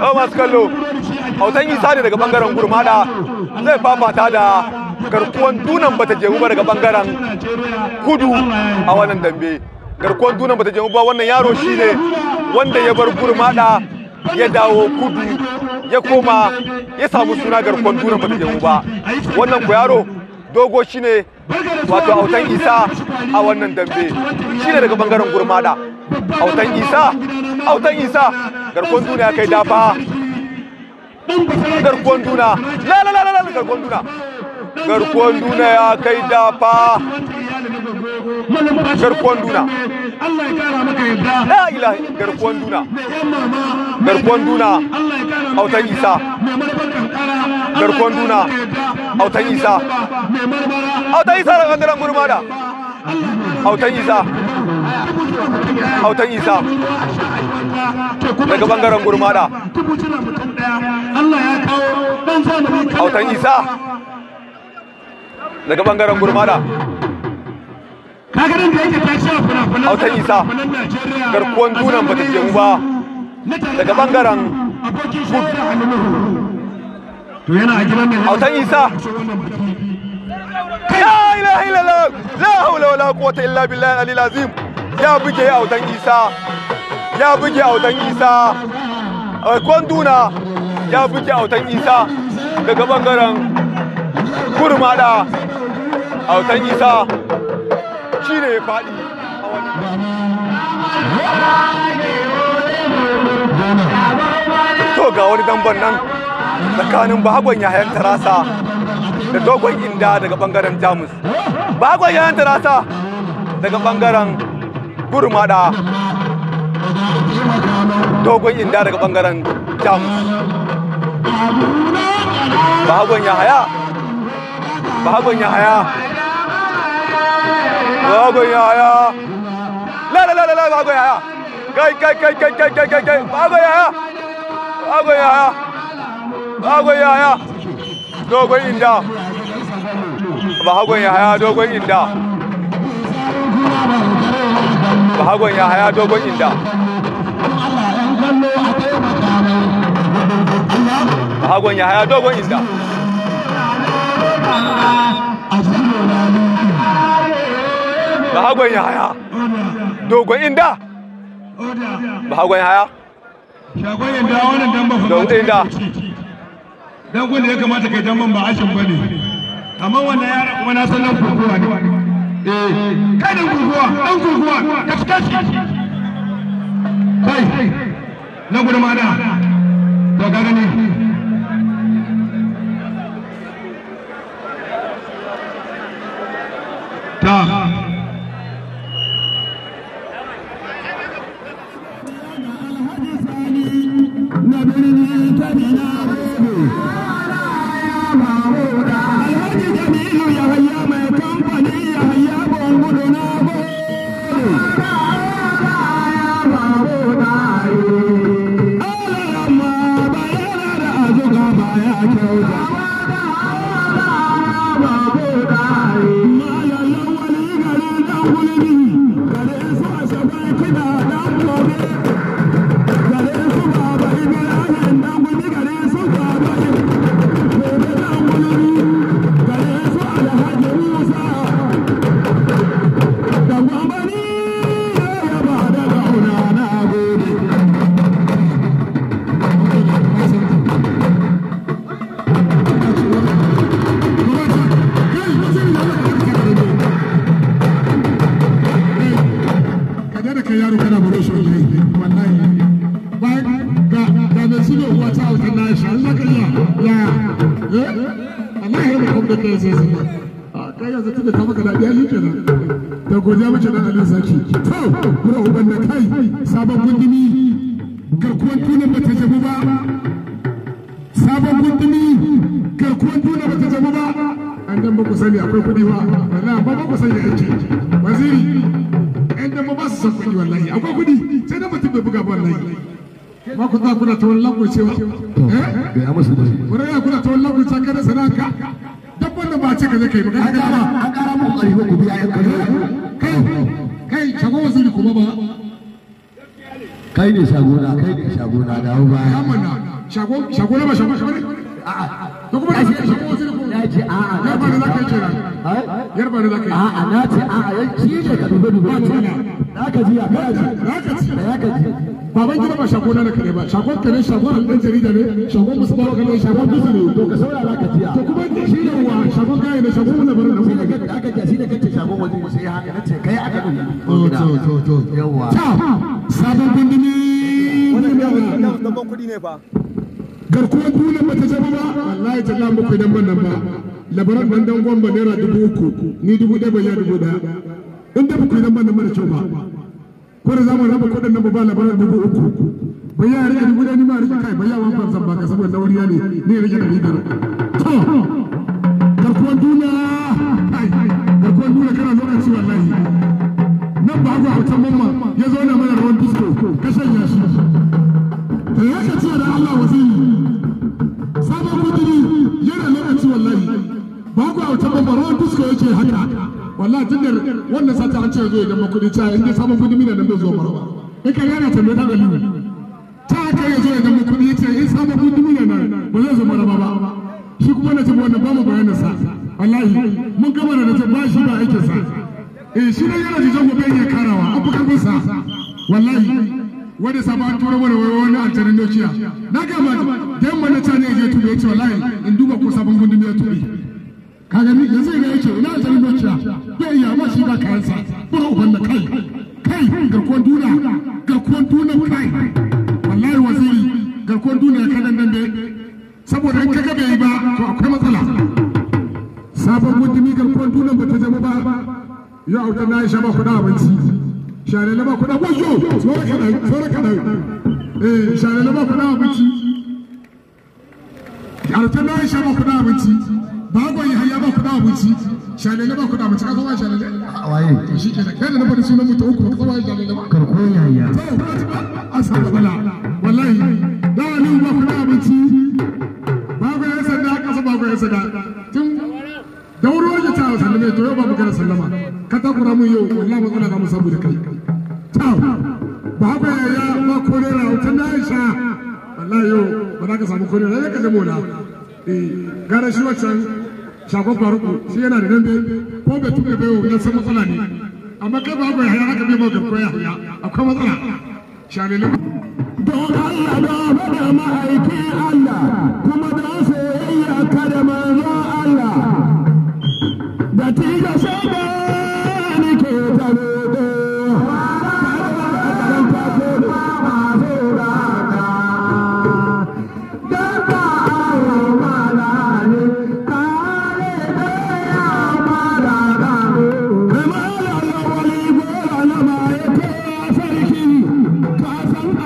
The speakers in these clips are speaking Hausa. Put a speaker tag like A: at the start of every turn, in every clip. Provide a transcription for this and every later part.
A: Yau oh, masu kallo, Hautan Isa ne daga bangaren Gurmada zai fafata da garkuwan dunan bata jehu ba daga bangaren kudu a wannan dambe. Garkuwan dunan bata jehu ba wannan yaro shine
B: wanda ya bar Gurmada
A: ya dawo kudu
B: ya koma ya samu suna garkuwan
A: dunan bata jehu ba. Wannan ku yaro dogo shine
B: wato autan Isa
A: a wannan dambe shine daga bangaren Gurmada. autan Isa, autan Isa garkon duniya kai dafa garkon duna la la la la garkon duna garkon duna ya kai dafa
B: garkon duna
A: Allah ya kara maka yadda la ilaha garkon duna garkon duna autan isa garkon duna
B: autan isa autan isa
A: ga kandaran gurmada autan isa hautan isa daga bangaren gurmada hautan isa daga bangaren gurmada
B: da hautan isa garkuwan dunan bata ta ba daga bangaren hautan isa
A: la ilaha illallah la hawla wala quwwata illa billahi al-azim ya buge autan isa ya buge autan isa eh, kwanduna ya buge autan isa daga bangaren kurmada autan isa shi ne ya faɗi a wani. to ga wani damban nan tsakanin bahagon yayan tarasa da dogon inda daga bangaren jamus bahagon yayan tarasa daga bangaren gurmada dogon inda daga bangaren jamus bahagon ya haya bahagon ya haya bahagon ya haya la la la la bahagon ya haya kai kai kai kai kai kai kai kai bahagon ya haya bahagon ya haya bahagon ya haya dogon inda bahagon ya haya dogon inda hagon ya haya dogon inda hagon ya haya dogon inda ba hagon ya haya dogon inda ba hagon ya haya shagon inda wannan dan ba dogon inda dan gudun ya kamata kai dan ban ba ashin bane amma wannan yara kuma na san nan kokowa ne Eh, kai da
B: guguwa dan guguwa ka na ta you. dadiya eh? da sai ta da godiya mace to uban da kai sabon gundumi garkuwar tuna jabu ba sabon gundumi garkuwar tuna jabu ba an dan ba ku sani akwai kuɗi ba Wala ba ba ku sani ake waziri ɗan dan ba su san kuɗi wallahi akwai kuɗi sai da mutum bai buga ba wallahi ba ku za kuna ta wallan ya kuna kada ba ce ka zai kai ba kai an kara ku biya kai kai kuma ba
A: kai ne shagona kai ne shagona dawo
B: shago ba to kuma na ce a na ce ne ne na ka ka baban gida ba shago na ka ba shago ka shago an ɗan jarida ne shago musu ba ka shago musu ne to ka ka ji to kuma shi ne wa shago kai ne shago na barin da ku aka ji shi ne kace shago wani musu ya haka nace kai aka dubi to to to to yawa sabon gundumi wannan da kuɗi ne fa garkuwar bulin bata zama ba wallahi ta lamu ku idan nan ba labaran nan dan gwamba naira dubu uku ni dubu ɗaya bai ya dubu ɗaya in da ku idan nan mara kyau ba ko da zamu raba kuɗin nan ba labaran dubu uku Ba ya rike dubu ɗaya ni ma rike kai ba ya wani farsan ba ka saboda wuriya ne ni rike ɗari biyar to garkuwar duniya garkuwar duniya kana zo ci wallahi nan ba ku a mamma ya zo na mana ruwan disko ka sanya shi shi wallahi ba ku a tabbar ba ruwan fuska yake haka wallahi tun da wannan sata an ce zai gama kuɗi ca in dai sabon kudi mina nan bai zo ba in ka yana tambaye ta galibi ta aka yi zo ya gama kuɗi ya ce in eh, sabon kudi mina nan ba zai zo maraba ba shi kuma na ce ba wannan ba mu bayanin sa wallahi mun gama da ce ba shi ba aikin sa eh shi ne yana jijin gobe ya karawa abu karbin sa wallahi Wani sabon turo mana wani tarin dokiya na gama da yamma na can ya tube ce wallahi in duba ko sabon gundun ya tube ka gani yanzu ina yake ina tarin dokiya bai iya ma shi ba kayansa bura uban da kai kai garkuwan duna garkuwan duna kai wallahi waziri garkuwan duna ya nan dambe saboda in kaga bai ba to akwai matsala sabon gundumi garkuwan duna ba ta zama ba yau da na yi shaba da abinci share lama kuɗa wajo yi, kaɗan kana yi. Ee, share lama kuna abinci alta na isha ma kuna abinci bagon ya haya abinci share lama kuɗa abinci ka zama share lama waye to shi kenan kai da na faɗi sunan mutum uku ka zama share lama karko ya haya a samu bala wallahi da aliyu ma kuɗa abinci bagon ya sanda kasa bagon ya sanda tun dauro ya ta sallame to yau ba mu gara sallama ka kura mun yau wallahi matsala za mu samu da kai ciao ba haka yaya ba kore na wutan na aisha wallahi yau ba za ka samu kore na ya ka zama wala eh, gara shi wancan Shago faruku shi yana da dambe ko bai tuɓe bai ya san matsala ne amma kai ba haka yaya haka bai maka koya haya akwai matsala shalele don Allah da ma'aikin Allah kuma da soyayya ka da manzo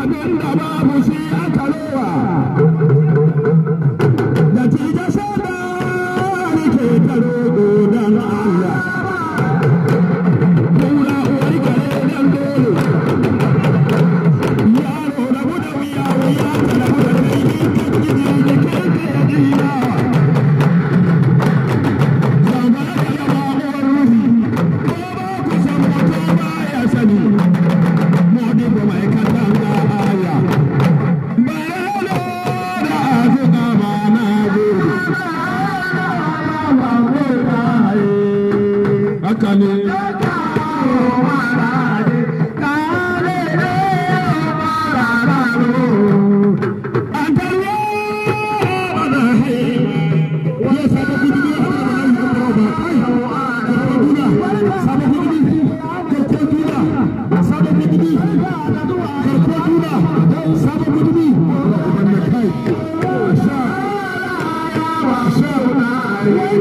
B: abin da babu shi aka rowa Thank you.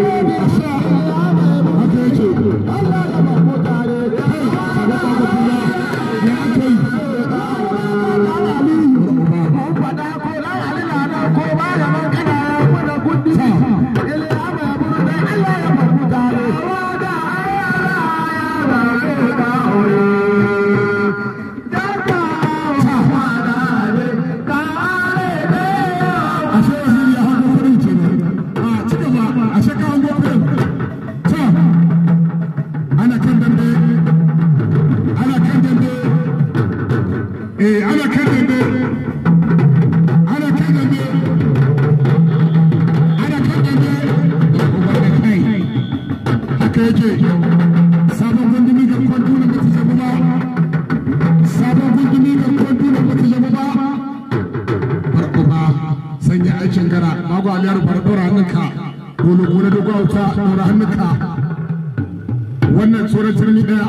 B: wannan tsoron turmi daya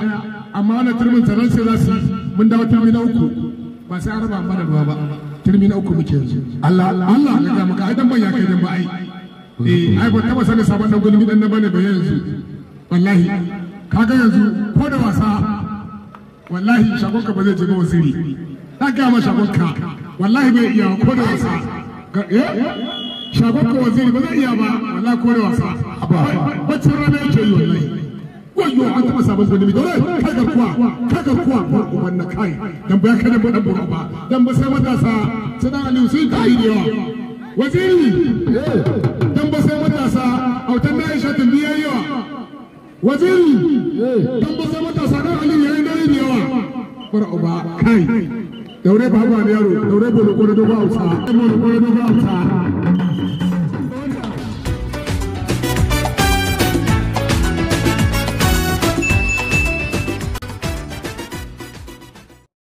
B: amma wannan turmin tsaron sai za su mun dawo turmi na uku ba sai an da ruwa ba turmi na uku muke yanzu Allah Allah ya ga maka ai dan ban ya kai dan ba ai eh ai ba taba sani sabon dan gulmi dan na bane ba yanzu wallahi kaga yanzu ko da wasa wallahi shagonka ba zai je wasiri na ga ma shagonka wallahi bai iya ko da wasa Eh? shagonka wasiri ba zai iya ba wallahi ko da wasa ba ba ba ba ba wayo an taɓa sabon wani miji kai garkuwa kai garkuwa gurguman na kai dan ba ka dan ba dan ba dan ba sai matasa sanan Ali, sun kai da yawa waziri dan ba sai matasa autan na isha tun biya yawa waziri dan ba sai matasa dan aliyu yayi dare da yawa gurguba kai daure ba ba yaro daure bolo ko da dogo hausa bolo ko dogo hausa